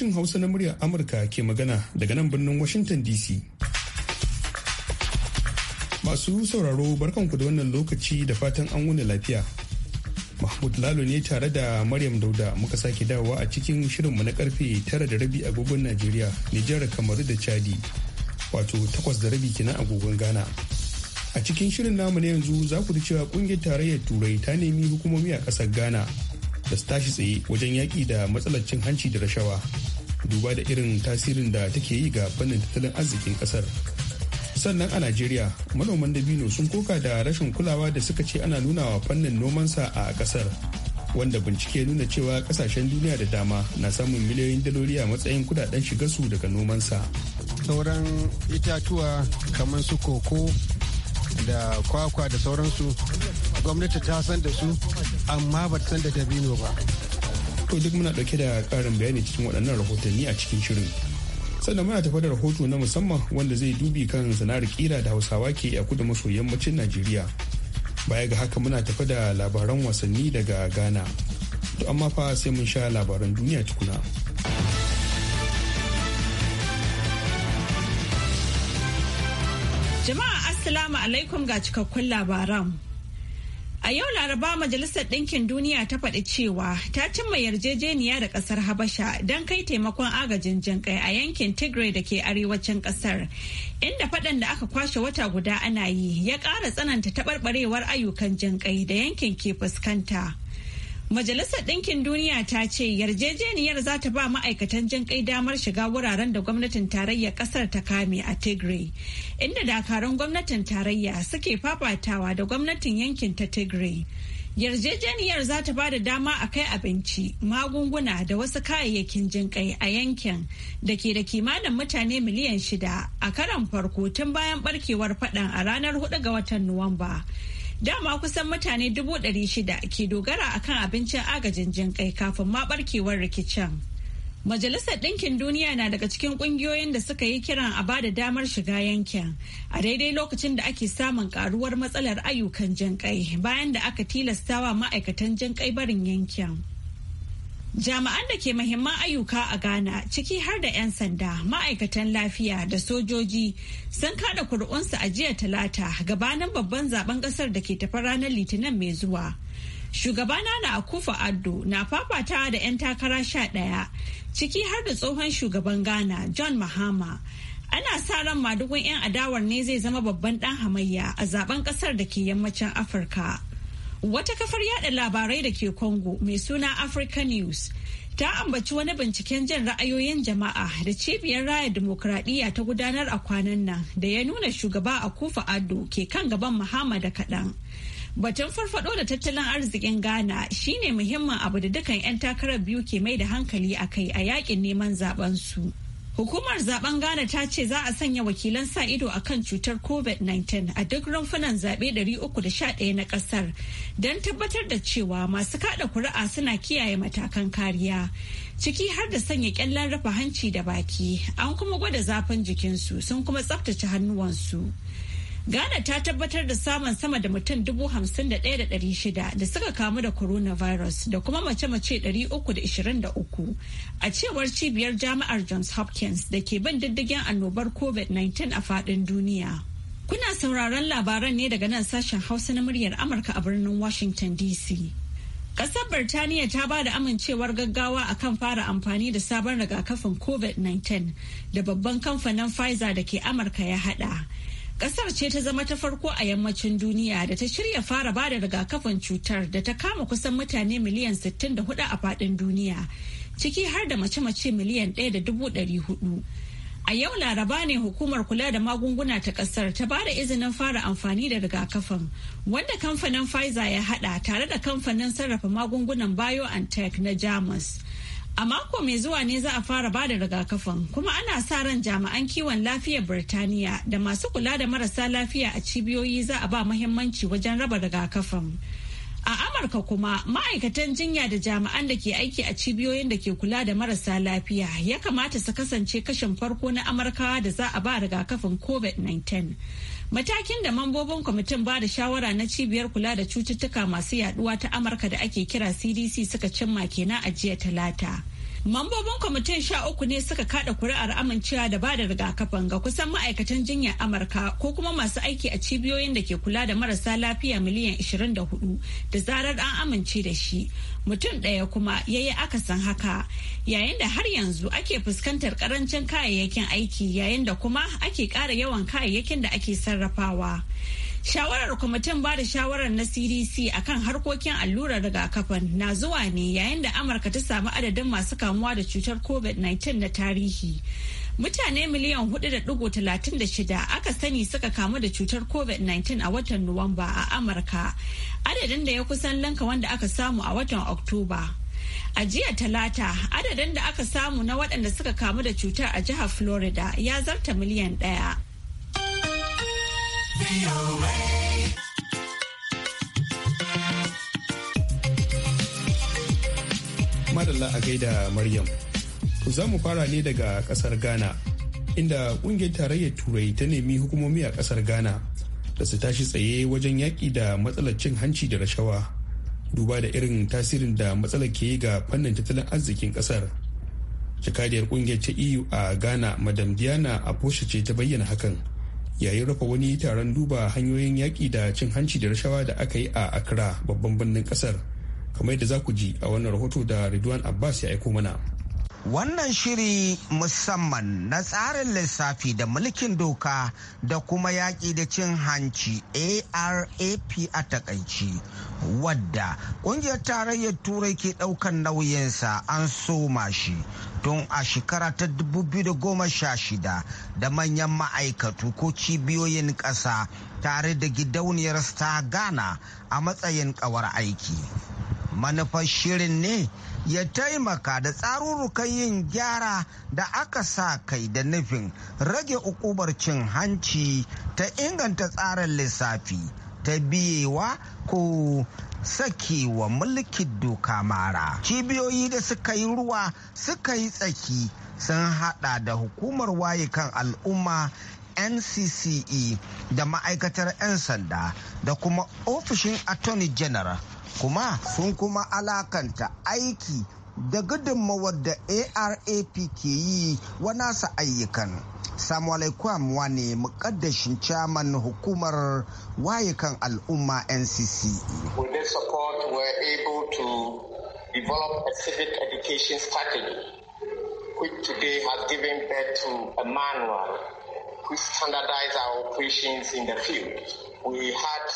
sashen Hausa na muryar Amurka ke magana daga nan birnin Washington DC. Masu sauraro barkanku da wannan lokaci da fatan an wuni lafiya. Mahmud Lalo ne tare da Maryam Dauda muka sake dawowa a cikin shirinmu na karfe tara da rabi agogon Najeriya, Nijar, Kamaru da Chadi. Wato takwas da rabi kenan agogon Ghana. A cikin shirin namu na yanzu za ku ji cewa kungiyar tarayyar Turai ta nemi hukumomi a ƙasar Ghana da su tashi tsaye wajen yaƙi da matsalar cin hanci da rashawa duba da irin tasirin da take yi ga fannin tattalin arzikin ƙasar sannan a najeriya manoman dabino sun koka da rashin kulawa da suka ce ana nunawa wa fannin nomansa a ƙasar wanda bincike nuna cewa kasashen duniya da dama na samun miliyoyin daloli a matsayin kudaden shigarsu daga nomansa sauran itatuwa kamar su koko da kwakwa da sauransu gwamnati ta san da su amma ba san da dabino ba to duk muna dauke da karin bayani cikin waɗannan rahotanni a cikin shirin sannan muna tafa da rahoto na musamman wanda zai dubi kan sana'ar kira da hausawa ke a kudu maso yammacin najeriya baya ga haka muna tafa da labaran wasanni daga ghana to amma fa sai mun sha labaran duniya tukuna jama'a assalamu alaikum ga cikakkun labaran A yau Laraba Majalisar Ɗinkin Duniya ta faɗi cewa ta cimma yarjejeniya da ƙasar Habasha don kai taimakon agajin jinƙai a yankin Tigray da ke arewacin ƙasar, inda faɗan da aka kwashe wata guda ana yi ya ƙara tsananta taɓarɓarewar ayyukan jinƙai da yankin ke fuskanta. Majalisar Ɗinkin Duniya ta ce yarjejeniyar za ta ba ma'aikatan jin kai damar shiga wuraren da gwamnatin tarayya ƙasar ta kame a Tigray, inda dakarun gwamnatin tarayya suke fafatawa da gwamnatin yankin ta Tigray. Yarjejeniyar za ta ba da dama a kai abinci, magunguna da wasu kayayyakin jin kai a yankin da ke da kimanin mutane miliyan shida a karan farko tun bayan barkewar faɗan a ranar 4 ga watan Nuwamba. Dama kusan mutane dubu ɗari shida ke dogara akan abincin agajin jinƙai kafin ma barkewar rikicin. Majalisar Ɗinkin Duniya na daga cikin ƙungiyoyin da suka yi kiran a bada damar shiga yankin a daidai lokacin da ake samun karuwar matsalar ayyukan jinƙai bayan da aka tilastawa ma'aikatan jinƙai barin yankin. Jami'an da ke muhimman ayyuka a Ghana ciki har da 'yan sanda, ma'aikatan lafiya da sojoji sun kada kuri'unsu a jiya talata gabanin babban zaben kasar da ke tafi ranar litinin mai zuwa. Shugaba na Akufa Addo na fafatawa da 'yan takara sha ɗaya ciki har da tsohon shugaban Ghana John Mahama. Ana sa ran madugun 'yan adawar ne zai zama babban dan hamayya a zaben kasar da ke yammacin Afirka. Wata kafar yada labarai da ke Congo mai suna Africa News ta ambaci wani binciken jin ra'ayoyin jama'a da cibiyar raya demokradiyya ta gudanar a kwanan nan da ya nuna shugaba a kofa ado ke kan gaban muhammad da kaɗan. Batun farfado da tattalin arzikin Ghana shine muhimmin abu da dukan 'yan takarar biyu ke mai da hankali a kai a yakin neman zaben su. Hukumar zaben Ghana ta ce za a sanya wakilan sa ido a kan cutar COVID-19 a duk rumfunan zaɓe 311 na ƙasar don tabbatar da cewa masu kaɗa kuri'a suna kiyaye matakan kariya. Ciki har da sanya ƙyallen rufe hanci da baki, an kuma gwada zafin jikinsu sun kuma tsaftace hannuwansu. Ghana ta tabbatar da samun sama da mutum dubu hamsin da ɗaya da ɗari shida da suka kamu da coronavirus da kuma mace-mace ɗari uku da ishirin da uku. A cewar cibiyar jami'ar Johns Hopkins da ke bin diddigin annobar COVID-19 a faɗin duniya. Kuna sauraron labaran ne daga nan sashen Hausa na muryar Amurka a birnin Washington DC. Ƙasar Birtaniya ta ba da amincewar gaggawa a kan fara amfani da sabon rigakafin COVID-19 da babban kamfanin Pfizer da ke Amurka ya haɗa. Kasar ce ta zama ta farko a yammacin duniya da ta shirya fara bada rigakafin cutar da ta kama kusan mutane miliyan 64 a faɗin duniya, ciki har da mace-mace miliyan da hudu A yau laraba ne hukumar kula da magunguna ta kasar ta ba da izinin fara amfani da rigakafin wanda kamfanin Pfizer ya hada tare da kamfanin sarrafa magungunan BioNTech na Jamus. A mako mai zuwa ne za a fara bada rigakafin kuma ana sa ran jami'an kiwon lafiyar Birtaniya da masu kula da marasa lafiya a cibiyoyi za a ba muhimmanci wajen raba rigakafin. A Amurka kuma ma'aikatan jinya da jami'an da ke aiki a cibiyoyin da ke kula da marasa lafiya ya kamata su kasance kashin farko na Amurkawa da za a ba rigakafin COVID-19. Matakin da mambobin kwamitin ba da shawara na cibiyar kula da cututtuka masu yaduwa ta Amurka da ake kira CDC suka cimma kenan a jiya talata. Mambobin kwamitin sha uku ne suka kada kuri'ar amincewa da bada rigakafin ga kusan ma'aikatan jinyar Amurka ko kuma masu aiki a cibiyoyin da ke kula da marasa lafiya miliyan 24 da zarar an amince da shi. Mutum ɗaya kuma ya yi akasin haka yayin da har yanzu ake fuskantar karancin kayayyakin aiki yayin da kuma ake ƙara yawan kayayyakin da ake sarrafawa. Shawarar kwamitin ba da shawarar na CDC akan harkokin allurar rigakafin na zuwa ne yayin da Amurka ta samu adadin masu kamuwa da cutar COVID-19 na tarihi. Mutane miliyan 4.36 aka sani suka kamu da cutar COVID-19 a watan Nuwamba a Amurka, adadin da ya kusan lanka wanda aka samu a watan Oktoba. A jiya talata adadin da aka samu na waɗanda suka kamu da cutar a jihar Florida ya zarta miliyan ɗaya. Madalla a gaida Maryam. Za mu fara ne daga kasar Ghana, inda kungiyar tarayyar Turai ta nemi hukumomi a kasar Ghana da su tashi tsaye wajen yaƙi da matsalar cin hanci da rashawa. Duba da irin tasirin da matsalar ke yi ga fannin tattalin arzikin kasar. Jakadiyar kungiyar ta EU a Ghana, Madam Diana Aposha ce ta bayyana hakan. yayin rufe wani taron duba hanyoyin yaƙi da cin hanci da rashawa da aka yi a Accra babban birnin ƙasar kamar yadda za ku ji a wannan rahoto da Ridwan Abbas ya aiko mana. Wannan shiri musamman na tsarin lissafi da mulkin doka da kuma yaƙi da cin hanci ARAP a takaici wadda ƙungiyar tarayyar turai ke ɗaukan nauyinsa an soma shi tun a shekara ta 2016 da manyan ma'aikatu ko cibiyoyin ƙasa tare da gidauniyar ta ghana a matsayin ƙawar aiki manufar shirin ne ya taimaka da tsarurrukan yin gyara da aka sa kai da nufin rage ukubar cin hanci ta inganta tsarin lissafi ta biyewa ko saki wa mulkin doka mara cibiyoyi da suka yi ruwa suka yi tsaki sun hada da hukumar waye kan al'umma ncce da ma'aikatar 'yan sanda da kuma ofishin attorney general kuma sun kuma alakanta aiki da gudunmawar da arap ke yi wa nasa ayyukan mukaddashin hukumar waye kan al'umma NCC. With this support, we're able to develop a civic education strategy, which today has given birth to a manual which standardize our operations in the field. We had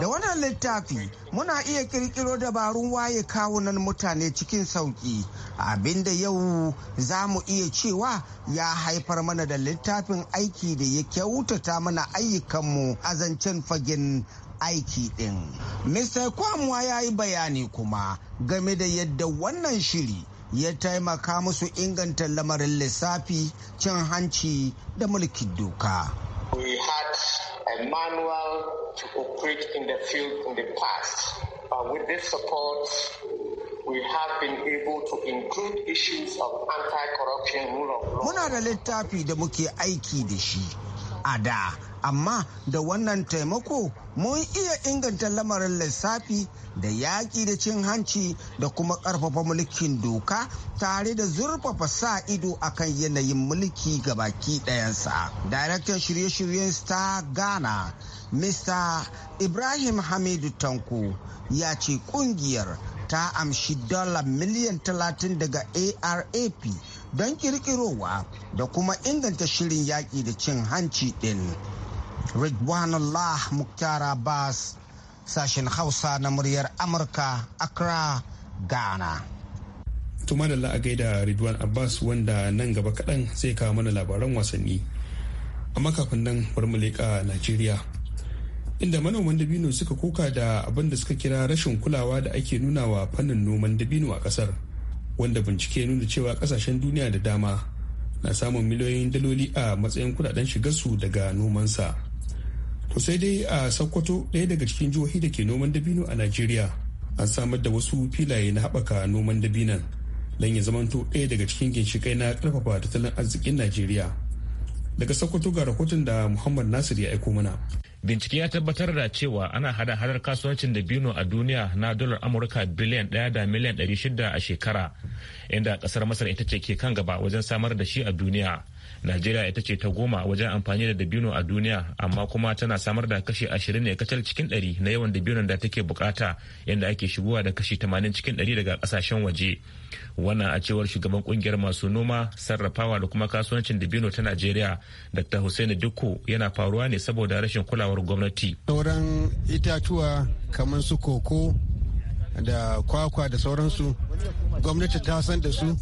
Da wannan littafi muna iya kirkiro dabarun waye kawunan mutane cikin sauƙi abinda yau za mu iya cewa ya haifar mana da littafin aiki da ya kyautata mana ayyukanmu a zancen fagen aiki ɗin. Mr. Kwamwa ya yi bayani kuma game da yadda wannan shiri ya taimaka musu inganta lamarin lissafi cin hanci da mulkin doka. manual to operate in the field in the past. But with this support, we have been able to include issues of anti-corruption rule of law. Muna da littafi da muke aiki da shi. a da amma da wannan taimako mun iya inganta lamarin lissafi da yaƙi da cin hanci da kuma ƙarfafa mulkin doka tare da zurfafa sa ido akan yanayin mulki ga baki ɗayansa. Daraktan shirye-shiryen Star Ghana, Mr. Ibrahim Hamidu Tanko ya ce ƙungiyar ta amshi dala miliyan 30 daga ARAP. don kirkirowa da kuma inganta shirin yaƙi da cin hanci ɗin. Ridwanullah Muktar Abbas sashen Hausa na muryar Amurka Accra, Ghana. Tuma da la'a gaida Ridwan Abbas wanda nan gaba kaɗan zai kawo mana labaran wasanni. Amma kafin nan bar mu leƙa Najeriya. Inda manoman dabino suka koka da abin da suka kira rashin kulawa da ake nuna wa fannin noman dabino a ƙasar. wanda bincike nuna cewa kasashen duniya da dama na samun miliyoyin daloli a matsayin kudaden shigarsu daga nomansa to sai dai a sokoto ɗaya daga cikin jihohi da ke noman dabino a najeriya an samar da wasu filaye na haɓaka noman dabinan don ya zamanto ɗaya daga cikin ginshikai na ƙarfafa tattalin arzikin najeriya daga sokoto ga rahoton da muhammad nasir ya aiko mana Bincike ya tabbatar da cewa ana hada hadar kasuwancin da bino a duniya na dolar Amurka biliyan ɗaya da miliyan ɗari a shekara, inda kasar Masar ita ce ke kan gaba wajen samar da shi a duniya. Najeriya ita ce ta goma wajen amfani da dabino a duniya amma kuma tana samar da kashi ashirin ne kacal cikin ɗari na yawan dabino da take bukata yadda ake shigowa da kashi tamanin cikin dari daga kasashen waje. Wannan a cewar shugaban kungiyar masu noma sarrafawa da kuma kasuwancin dabino ta Najeriya Dr. Hussein Dukku yana faruwa ne saboda rashin kulawar gwamnati. Sauran itatuwa kamar su koko da kwakwa da sauransu gwamnati ta san da su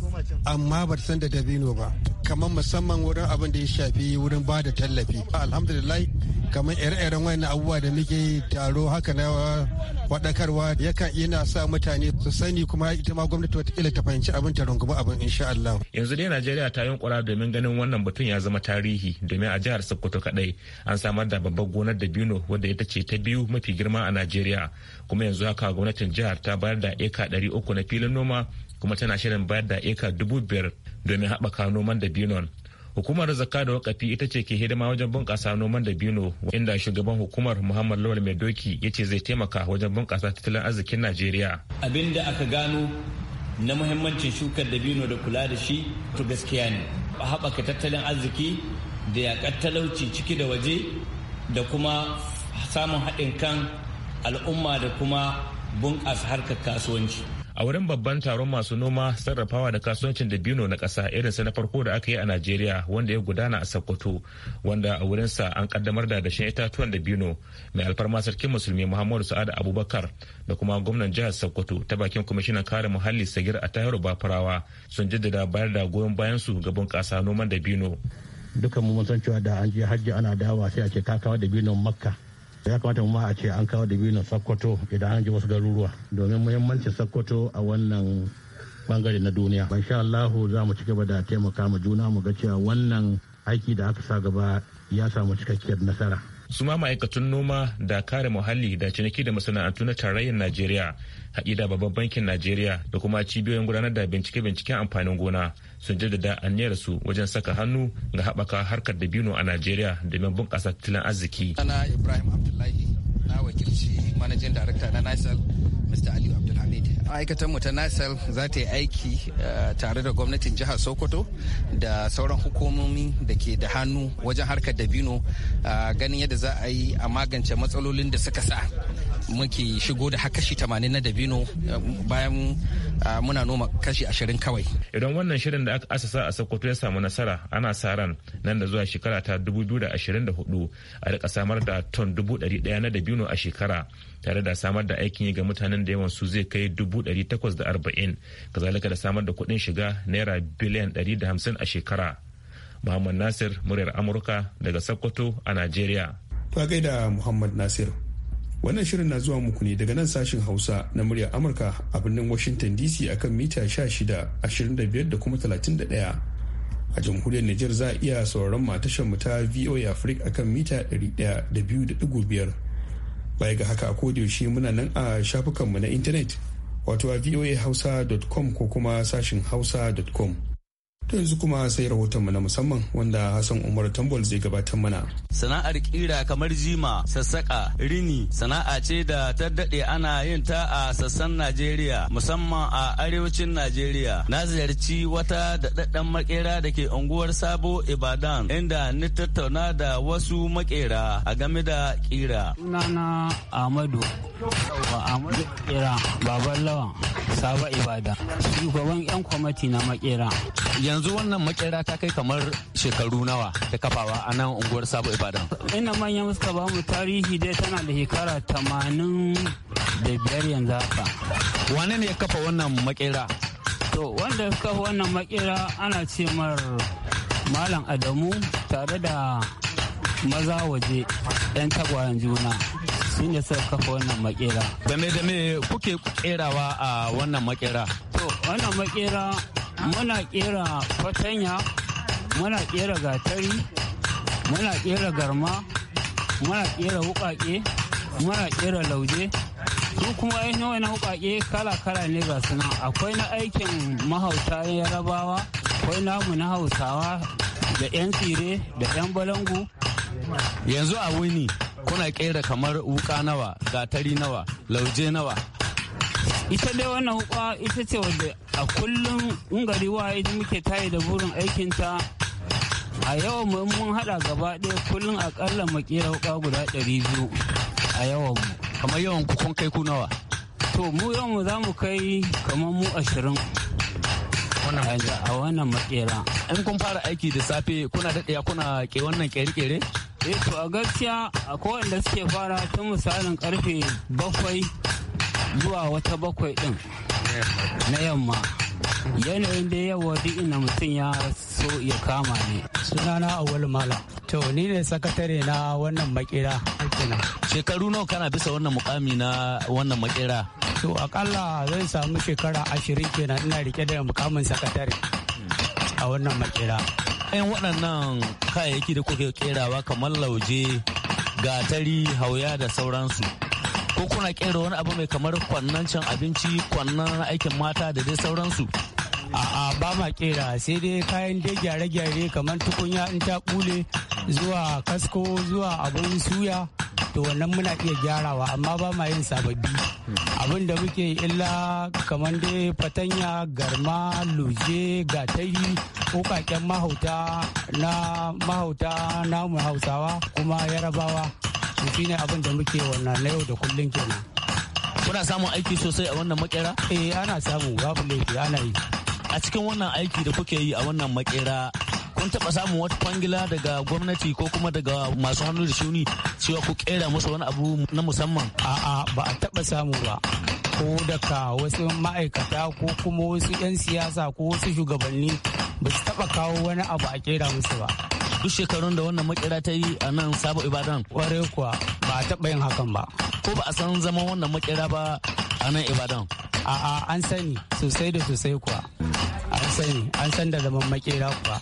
amma ba san da dabino ba kamar musamman wurin abin da ya shafi wurin ba da tallafi alhamdulillah kamar ire-iren wayannan abubuwa da muke taro haka na wadakarwa yakan yana sa mutane su sani kuma ita ma gwamnati wata ila ta fahimci abin ta rungumi abin insha Allah. yanzu dai najeriya ta yunkura domin ganin wannan batun ya zama tarihi domin a jihar sokoto kadai an samar da babbar gonar dabino wadda ita ce ta biyu mafi girma a najeriya kuma yanzu haka gwamnatin jihar ta bayar da eka ɗari uku na filin noma kuma tana shirin bayar da eka dubu biyar domin haɓaka noman da hukumar zakka da wakafi ita ce ke hidima wajen bunƙasa noman da bino inda shugaban hukumar muhammad lawal mai doki ya ce zai taimaka wajen bunƙasa tattalin arzikin najeriya abin da aka gano na muhimmancin shukar da bino da kula da shi to gaskiya ne a haɓaka tattalin arziki da yaƙar talauci ciki da waje da kuma samun haɗin kan al'umma da kuma bunƙasa harkar kasuwanci a wurin babban taron masu noma sarrafawa da kasuwancin dabino na ƙasa irinsa na farko da aka yi a najeriya wanda ya gudana a sokoto wanda a wurinsa an kaddamar da dashen itatuwan dabino mai alfarma sarkin musulmi muhammadu sa'ad abubakar da kuma gwamnan jihar sokoto ta bakin kwamishinan kare muhalli sagir a tahiru bafarawa sun jaddada bayar da goyon bayan su ga bunƙasa noman dabino dukan mu mun san cewa da an je hajji ana dawa sai a ce kakawa dabinon makka ya kamata mu ma a ce an kawo dabino sakkwato idan an ji wasu garuruwa domin muhimmancin sakkwato a wannan bangare na duniya sha Allahu za mu ci gaba da taimaka mu juna mu ga cewa wannan aiki da aka sa gaba ya samu cikakkiyar nasara su ma ma'aikatun noma da kare muhalli da ciniki da masana'antu na tarayyar najeriya haɗi da babban bankin najeriya da kuma cibiyoyin gudanar da bincike-binciken amfanin gona sun jaddada su wajen saka hannu ga haɓaka harkar dabino a najeriya domin bunƙasa tattalin arziki. ibrahim abdullahi na wakilci manajan darakta na nasal mr aliyu ma'aikatan mu ta nasal za ta yi aiki eh, tare da gwamnatin jihar sokoto da sauran hukumomi da ke da hannu wajen harkar dabino eh, ganin yadda za a yi a magance matsalolin da suka sa muke shigo da kashi 80 na dabino eh, bayan eh, muna noma kashi 20 kawai idan wannan shirin da aka asasa a sokoto ya samu nasara ana sa ran nan da zuwa shekara ta 2024 a rika samar da ton daya na dabino a shekara tare da samar da aikin yi ga mutanen da yawan su zai kai dubu 840 kazalika da samar da kuɗin shiga naira biliyan da 150 a shekara muhammad nasir muryar amurka daga sokoto a najeriya to gaida muhammad nasir Wannan shirin na zuwa muku ne daga nan sashin Hausa na muryar Amurka a birnin Washington DC akan mita 16, da kuma 31. A jamhuriyar niger za a iya sauraron matashar mu ta VOA Africa akan mita biyar Baya ga haka a yaushe muna nan a shafukanmu na intanet wato a voahausa.com ko kuma sashin hausa.com. To yanzu kuma sai rahotonmu na musamman wanda Hassan Umar Tambol zai gabatar mana. Sana'ar kira kamar jima, sassaƙa, rini sana'a ce da ta daɗe ana yin ta a sassan Najeriya musamman a arewacin Najeriya. Na ziyarci wata daɗaɗɗen makera da ke unguwar Sabo Ibadan inda ni tattauna da wasu makera a game da kira. Sunana Ahmadu. Ahmadu Kira Baban Lawan Sabo Ibadan. Shugaban 'yan kwamati na makera. yanzu wannan makera ta kai kamar shekaru nawa ta kafawa a nan unguwar sabo ibadan ina manyan suka ba mu tarihi dai tana da shekara tamanin da biyar yanzu haka wane ne ya kafa wannan makera to wanda ya kafa wannan makera ana ce mar malam adamu tare da maza waje 'yan tagwayen juna sun ne suka kafa wannan makera. da me kuke kerawa a wannan makera? To, wannan makera muna kera fatanya muna kera gatari muna kera garma muna kera wukake muna kera lauje su kuma ainihin wani hukake kala-kala ne ga suna akwai na aikin mahauta yarabawa akwai namu na hausawa da 'yan tsire da 'yan balangu yanzu a wuni kuna kera kamar wuka nawa gatari nawa lauje nawa ita dai wannan hukwa ita ce wadda a kullum in gari wa ita muke tayi da burin aikinta a yawan mun hada gaba ɗaya kullum akalla makera hukwa guda ɗari biyu a yawan mu kamar yawan ku kun kai ku nawa to mu yawan mu za mu kai kamar mu ashirin a wannan makera in kun fara aiki da safe kuna daɗaya kuna ke wannan kere-kere eh to a gaskiya a kowanda suke fara tun misalin karfe bakwai zuwa wata bakwai din na yamma yanayin da yawa duk inda mutum ya so ya kama ne sunana awal mala to ni ne sakatare na wannan makera shekaru nawa kana bisa wannan mukami na wannan makera to akalla zan samu shekara ashirin kenan ina rike da mukamin sakatare a wannan makera yan waɗannan kayayyaki da kuke kerawa kamar lauje gatari hauya da sauransu ko kuna kera wani abu mai kamar kwannan can abinci kwannan aikin mata da dai sauransu a'a ba ma kera sai dai kayan dai gyare-gyare kamar tukunya in ta kule zuwa kasko zuwa abun suya to wannan muna iya gyarawa amma ba ma yin sababbi abin da muke illa kamar dai fatanya garma luje ko kaken mahauta na mahauta na hausawa kuma yarabawa to ne abin da muke wannan na yau da kullun kenan kuna samun aiki sosai a wannan makera eh ana samu babu laifi ana yi a cikin wannan aiki da kuke yi a wannan makera kun taba samun wata kwangila daga gwamnati ko kuma daga masu hannu da shuni cewa ku kera musu wani abu na musamman a'a ba a taɓa samu ba ko daga wasu ma'aikata ko kuma wasu 'yan siyasa ko wasu shugabanni ba su taɓa kawo wani abu a kera musu ba duk shekarun da wannan makera ta yi a nan sabo ibadan kware kuwa ba taɓa yin hakan ba ko ba a san zama wannan makera ba a nan ibadan a'a an sani sosai da sosai kuwa an sani an san da zaman makera kuwa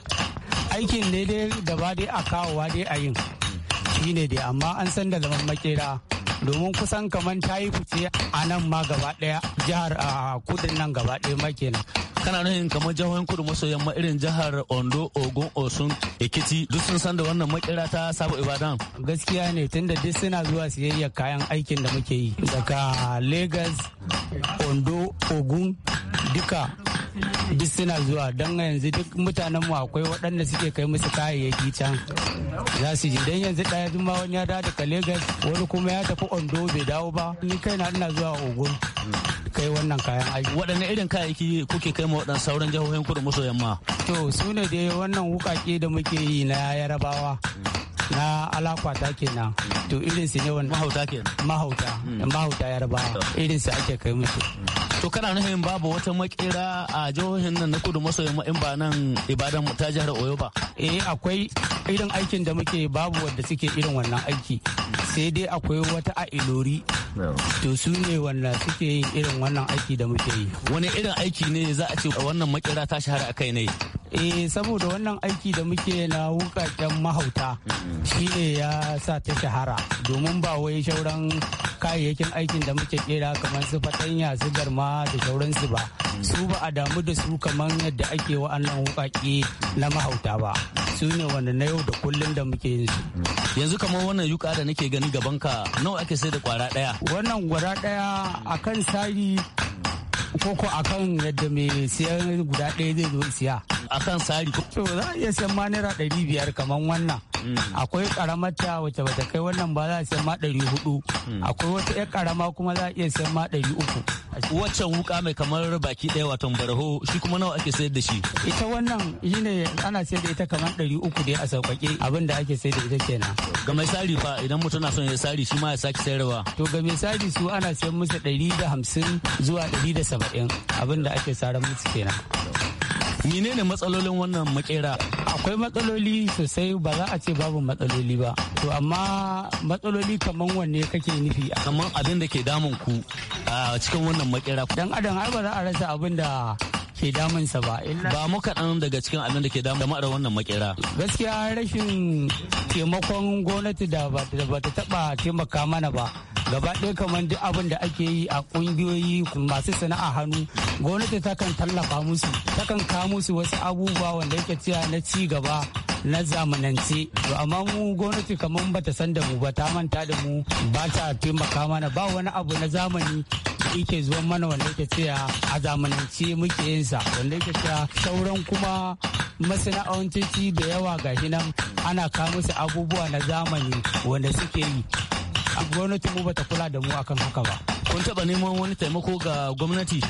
aikin ne dai ba dai a kawowa dai a yin shine dai amma an san da zaman makera domin kusan kamar ta yi fice a nan ma gaba daya jihar a kudin nan gaba daya ma kana nan kamar jihohin kudu maso yamma irin jihar ondo ogun osun ekiti duk sun san da wannan makera ta sabo ibadan gaskiya ne tunda duk suna zuwa siyayya kayan aikin da muke yi daga lagos ondo ogun duka duk suna zuwa don yanzu duk mutanen mu akwai waɗanda suke kai musu kayayyaki can za su ji don yanzu ɗaya zuma wani ya dawo daga lagos wani kuma ya tafi ondo bai dawo ba ni kaina ina zuwa ogun kai wannan kayan aiki waɗanne irin kayayyaki kuke kai ma waɗannan sauran jihohin kudu maso yamma to su ne dai wannan wukake da muke yi na yarabawa na alakwata kenan to irin su ne wani. mahauta kenan mahauta hmm. mahauta yarba irin su ake kai musu to kana nufin babu wata makera a jihohin nan na kudu maso yamma in ba nan ibadan ta jihar oyo ba eh akwai irin aikin da muke babu wanda suke irin wannan aiki sai dai akwai wata a ilori to su ne wanda suke yin irin wannan aiki da muke yi wani irin aiki ne za a ce wannan makera ta shahara akai ne eh saboda wannan aiki da muke na wukaken mahauta mm-hmm. shine ya sa ta shahara domin ba wai shauran kayayyakin aikin da muke kera kamar su fatanya su garma da sauransu ba mm-hmm. su ba a damu da su kamar yadda ake wa'annan wukaki na mahauta ba su ne wanda na yau da kullum da muke yin su mm-hmm. yanzu kamar wannan yuka da nake gani gaban ka nawa ake sai da kwara daya wannan kwara daya akan sari koko akan yadda mai siyan guda daya zai zo siya akan sari to za a iya san ma naira ɗari biyar kamar wannan hmm. akwai karamar ta wacce bata kai wannan ba za a san ma ɗari hudu hmm. akwai wata ƴar karama kuma za a iya san ma ɗari uku waccan wuka mai kamar baki ɗaya watan baraho shi kuma nawa ake sayar da shi ita wannan ne ana sayar da ita kamar ɗari uku dai a sauƙaƙe abin da ake sayar da ita kenan ga mai sari fa idan mutum na son ya sari shi ma ya sake sayarwa to ga mai sari su ana sayar musu ɗari da hamsin zuwa ɗari da saba'in abin da ake saran musu kenan menene matsalolin wannan makera akwai matsaloli sosai ba za a ce babu matsaloli ba to amma matsaloli kamar wanne kake nufi kamar abin da ke damun ku a cikin wannan makera dan adam har ba za a rasa abin da ke damunsa ba. Ba mu kaɗan daga cikin abin da ke damun jama'ar wannan makera. Gaskiya rashin taimakon gwamnati da ba ta taɓa taimaka mana ba. gaba ɗaya kamar duk abin da ake yi a ƙungiyoyi masu sana'a hannu gwamnati takan tallafa musu takan kawo musu wasu abubuwa wanda yake cewa na ci gaba na zamanance to amma mu gwamnati kamar bata san da mu ba ta manta da mu ba ta taimaka mana ba wani abu na zamani yake zuwa mana wanda yake cewa a zamanance muke yin sa wanda yake cewa sauran kuma masana'antoci da yawa gashi nan ana kawo musu abubuwa na zamani wanda suke yi gwamnati mu bata kula da mu akan haka ba kun taba neman wani taimako ga gwamnati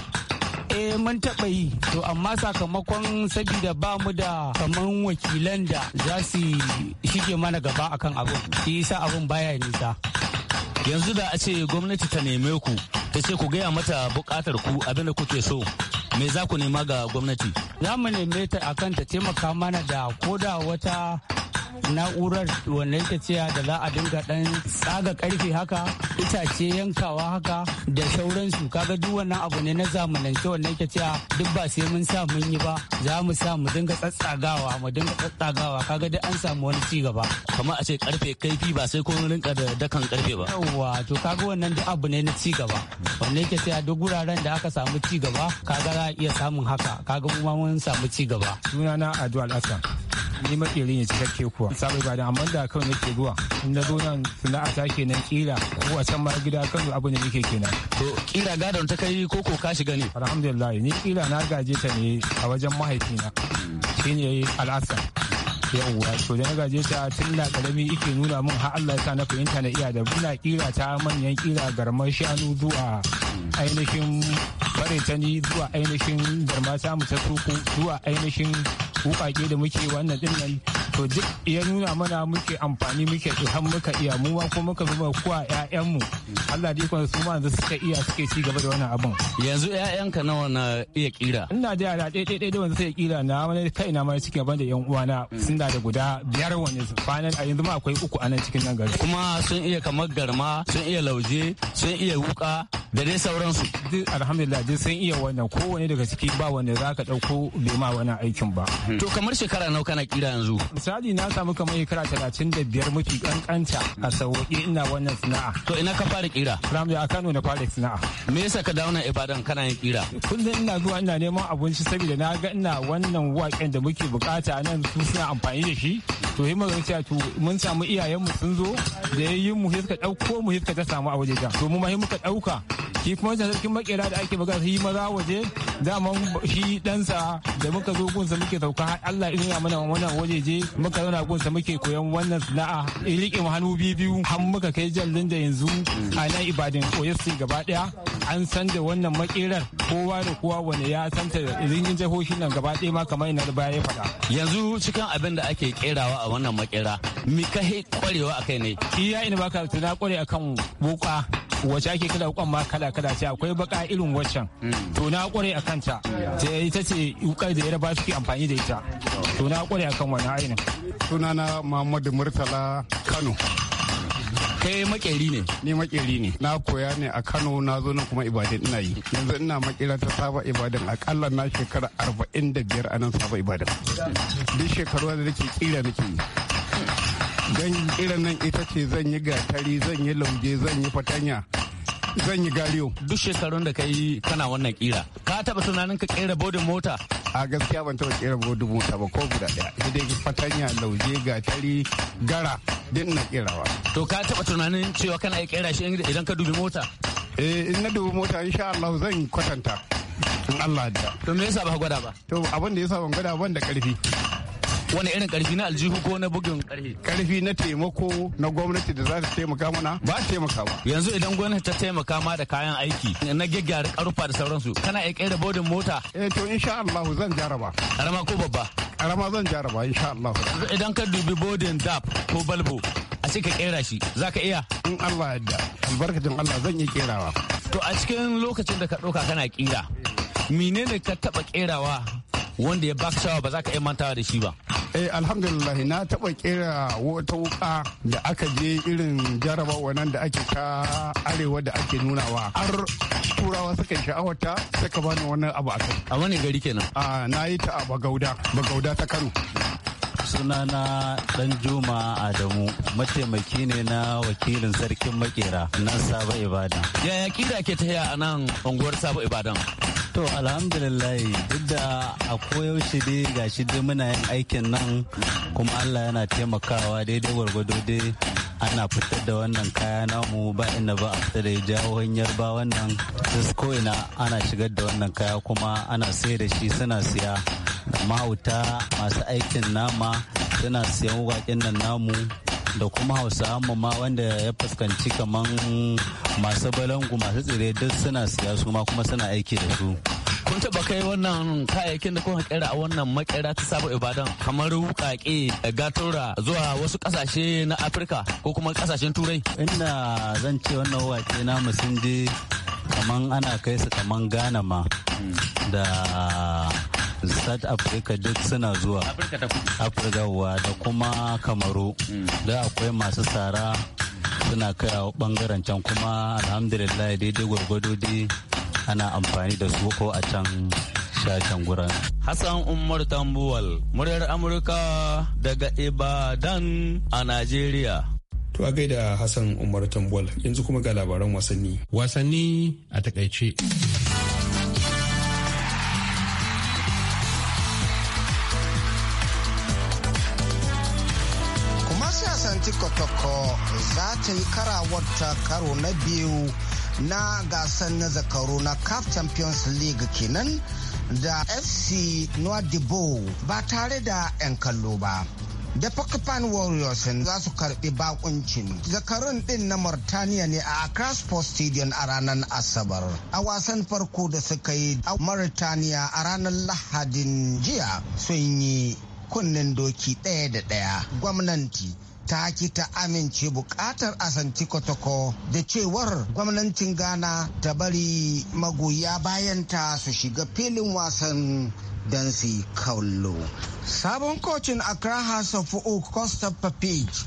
eh mun taɓa yi to amma sakamakon sabida ba mu da kaman wakilan da za su shige mana gaba akan abin shi yasa abin baya nisa yanzu da a ce gwamnati ta neme ku ta ce ku gaya mata bukatar ku abin da kuke so me za ku nema ga gwamnati za mu neme ta akan ta taimaka mana da koda wata na'urar wanda ita ce da za a dinga dan tsaga karfe haka itace yankawa haka da sauransu kaga duk wannan abu ne na zamanance wanda ita ce duk ba sai mun sa mun yi ba za mu sa mu dinga tsatsagawa mu dinga tsatsagawa kaga duk an samu wani ci gaba kamar a ce karfe kaifi ba sai ko rinka da dakan karfe ba yawwa to kaga wannan duk abu ne na ci gaba wanda ita ce duk guraren da aka samu ci gaba kaga za a iya samun haka kaga mu ma mun samu ci gaba sunana Adu Alhassan ni makeri ne cikakke kuwa ba ibadan amma da kawai nake zuwa in na zo nan a ta kenan kira ko a can ma gida kan abu ne yake kenan to kira gadon ta kai ko ko ka shiga ne alhamdulillah ni kira na gaje ta ne a wajen mahaifina shine al'asa yawwa to da na gaje ta tun na karami ike nuna min har Allah ya sa na fahimta na iya da buna kira ta manyan kira garmar shanu zuwa ainihin bare zuwa ainihin garma ta mu ta zuwa ainihin wuƙaƙe da muke wannan din nan to duk ya nuna mana muke amfani muke tsohon muka iya mu ma ko muka zama kuwa ƴaƴanmu Allah dai kuma su ma yanzu suka iya suke ci gaba da wannan abin yanzu ƴaƴanka nawa na iya kira ina da yara ɗaya ɗaya da wanda sai kira na wani na ma cikin gaban da ƴan uwana sun da guda biyar wani kwanan a yanzu ma akwai uku a nan cikin nan gari kuma sun iya kamar garma sun iya lauje sun iya wuka da dai sauransu duk alhamdulillah duk sun iya wannan kowane daga ciki ba wanda za ka ɗauko bai ma wani aikin ba to kamar shekara nawa kana kira yanzu misali na samu kamar shekara talatin da biyar mafi kankanta a sauƙi ina wannan sana'a. To ina ka fara kira? Ramja a Kano na fara sana'a. Me yasa ka dawo nan Ibadan kana yin kira? Kullum ina zuwa ina neman abinci saboda na ga ina wannan waƙen da muke bukata nan su suna amfani da shi. To himar gaskiya to mun samu iyayenmu sun zo da yayin mu hiska ɗauko mu hiska ta samu a waje ta To mu ma muka ɗauka shi kuma wancan sarkin makera da ake magana shi maza waje daman shi ɗansa da muka zo gunsa muke sauka har Allah ya ya mana wannan wajeje muka zauna gunsa muke koyan wannan sana'a ilikin hannu biyu har muka kai jallin da yanzu a nan Ibadan Oyesi gaba daya an san da wannan makerar kowa da kowa wani ya san ta ringin jahohin nan gaba daya ma kamar ina da baya ya faɗa. Yanzu cikin abin da ake kerawa a wannan makera mi ka kwarewa akai ne. Iya ina baka tuna kware akan boka wacce ake kira kwan ma kala kala ce akwai baka irin waccan hmm. to na kware akan ta sai ita ce wukar da yarba suke amfani da ita to na kware akan wani ainihin sunana muhammadu murtala kano kai makeri ne ni makeri ne na koya ne a kano na zo nan kuma ibadan ina yi yanzu ina makera ta saba ibadan akalla na shekara arba'in da biyar a nan saba ibadan duk shekaru da nake kira nake yi don irin nan ita ce zan yi gatari zan yi lauje zan yi fatanya zan yi gariyo duk shekarun da ka yi kana wannan kira ka taba tunanin ka kera bodin mota a gaskiya ban taba kera bodin mota ba ko guda daya ita dai fatanya lauje gatari gara duk na ba. to ka taba tunanin cewa kana yi kera shi idan ka dubi mota eh in na dubi mota insha Allah zan kwatanta in Allah da to me yasa ba gwada ba to abin da yasa ban gwada ban da karfi wani irin karfi na aljihu ko na bugun karfi karfi na taimako na gwamnati da za ta taimaka mana ba taimaka ba yanzu idan gwamnati ta taimaka ma da kayan aiki na gyaggyara karufa da sauransu kana iya da bodin mota eh to insha Allah zan jaraba karama ko babba karama zan jaraba insha Allah idan ka dubi bodin dab ko balbo a ce ka kera shi za ka iya in Allah yadda albarkacin Allah zan iya kerawa to a cikin lokacin da ka ɗauka kana kira menene ka taɓa kerawa wanda ya baka shawa ba za ka iya mantawa da shi ba eh alhamdulillah na taba kera wata wuka da aka je irin jarabawa nan da ake ta arewa da ake nunawa har turawa suka sha'awata suka bani wani abu a kai a wani gari kenan a na yi ta a bagauda bagauda ta kano sunana dan juma adamu mataimaki ne na wakilin sarkin makera na Sabo ibadan yaya kira ke ta a nan unguwar Sabo ibadan To alhamdulillah duk da a koyaushe dai shi dai muna yin aikin nan kuma Allah yana taimakawa daidai gwargwado dai ana fitar da wannan kaya namu ba inda ba a fita da jawo hanyar ba wannan ko ina ana shigar da wannan kaya kuma ana sayar da shi suna siya mahauta masu aikin nama suna siyan wakin nan namu da kuma hausa amma ma wanda ya fuskanci kaman masu balangu masu tsire duk suna siya su ma kuma suna aiki da su kun taba kai wannan kayayyakin da kuma kera a wannan makera ta sabon ibadan kamar wukake gatura zuwa wasu kasashe na afirka ko kuma kasashen turai ina zan ce wannan wake na sun je kaman ana kai su kaman ghana ma da south africa duk suna zuwa afirka ta da kuma kamaru mm. da akwai masu tsara suna kai a bangaren can kuma alhamdulillah daidai gwargwado dai ana amfani da su ko a can shashen guran. Hassan Umar Tambuwal, muryar Amurka daga Ibadan a Najeriya. To a gaida Hassan Umar Tambuwal yanzu kuma ga labaran wasanni. Wasanni a takaice. protocol za ta yi karawarta karo na biyu na gasar na zakaru na caf champions league kenan da fc nwadibo ba tare da 'yan kallo ba da Pakistan Warriors za su karbi bakuncin. Zakarun din na Mauritania ne a Accra Sports Stadium a ranar Asabar. A wasan farko da suka yi a Mauritania a ranar Lahadin jiya sun yi kunnen doki ɗaya da ɗaya. Gwamnati ta ki ta amince bukatar asanti kwatako da cewar gwamnatin ghana ta bari magoya bayanta su shiga filin wasan don su kallo sabon kocin accra house of oak costa papage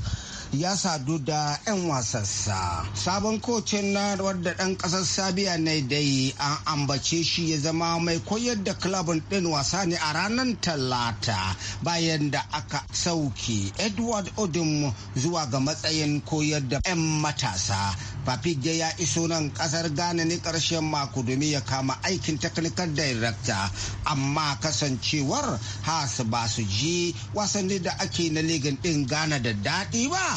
ya sadu da 'yan wasassa sabon kocin na wadda ɗan ƙasar sabiya ne dai an ambace shi ya zama mai koyar da klabin ɗin wasa ne a ranar talata bayan da aka sauke edward odum zuwa ga matsayin koyar da 'yan matasa da ya iso nan ƙasar ghana ne ƙarshen mako domin ya kama aikin technical director amma kasancewar hasu ba su je wasanni da ake na ligan ɗin ghana da daɗi ba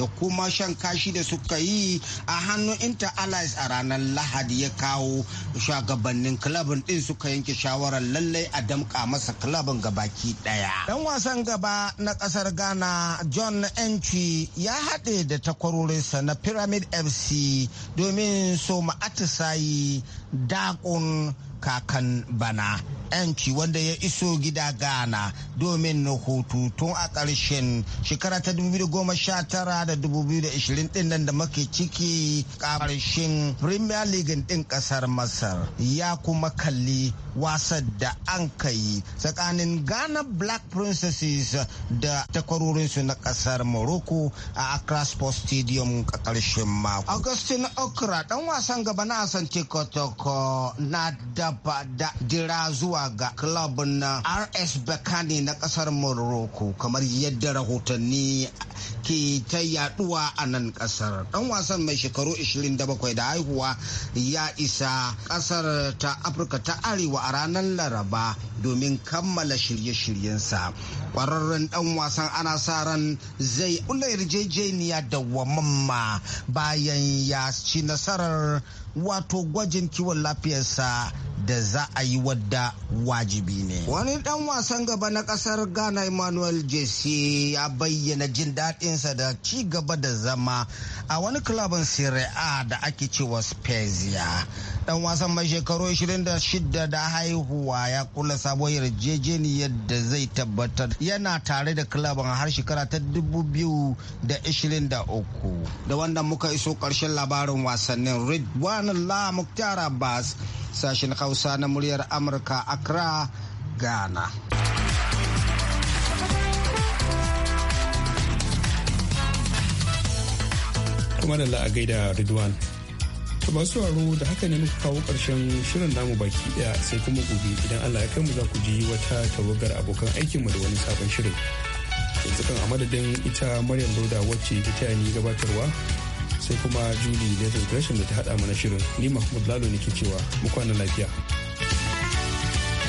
da kuma shan kashi da suka yi a hannun inter allies a ranar lahadi ya kawo shugabannin kilabin din suka yanke shawarar lallai a damka masa kilabin gabaki daya dan wasan gaba na kasar ghana john enchi ya haɗe da takwarorinsa na pyramid fc domin so atisayi dakon kakan bana yanci wanda ya iso gida ghana domin na hutu tun a ƙarshen shekara ta 2019 da da 2020 din nan da muke ciki karshen premier league din kasar masar ya kuma kalli wasan da an kai tsakanin ghana black princesses da takwarorinsu na kasar morocco a accra sports stadium a karshen mako augustin okra dan wasan gaba na asante kotoko na daba da dira zuwa ga club na rs bakani na kasar morocco kamar yadda rahotanni ke ta yaduwa a nan kasar dan wasan mai shekaru 27 da haihuwa ya isa kasar ta afirka ta arewa a ranar laraba domin kammala shirye-shiryensa kwararren dan wasan ana sa ran zai kula yarjejeniya da wamamma bayan ya ci nasarar wato gwajin kiwon lafiyarsa da za a yi wadda wajibi ne. Wani ɗan wasan gaba na ƙasar Ghana Emmanuel Jesse ya bayyana jin daɗinsa da ci gaba da zama a wani kulabin Serie A da ake cewa Spezia. Ɗan wasan mai shekaru 26 da haihuwa ya kula sabon yarjejeniyar da zai tabbatar yana tare da kulabin har shekara ta 2023. Da wannan muka iso ƙarshen labarin wasannin Ridwan Subhanallah Muktar Abbas sashen Hausa na muryar Amurka Accra, Ghana. Kuma da la'agaida Ridwan. To su sauraro da haka ne muka kawo ƙarshen shirin namu baki ɗaya sai kuma gobe idan Allah ya kai mu za ku ji wata tawagar abokan aikinmu da wani sabon shirin. Yanzu kan a madadin ita Maryam Dauda wacce ta ni gabatarwa sai kuma juli da Gresham da ta haɗa mana shirin. Ni Mahmud Lalo ne ke cewa mu kwana lafiya.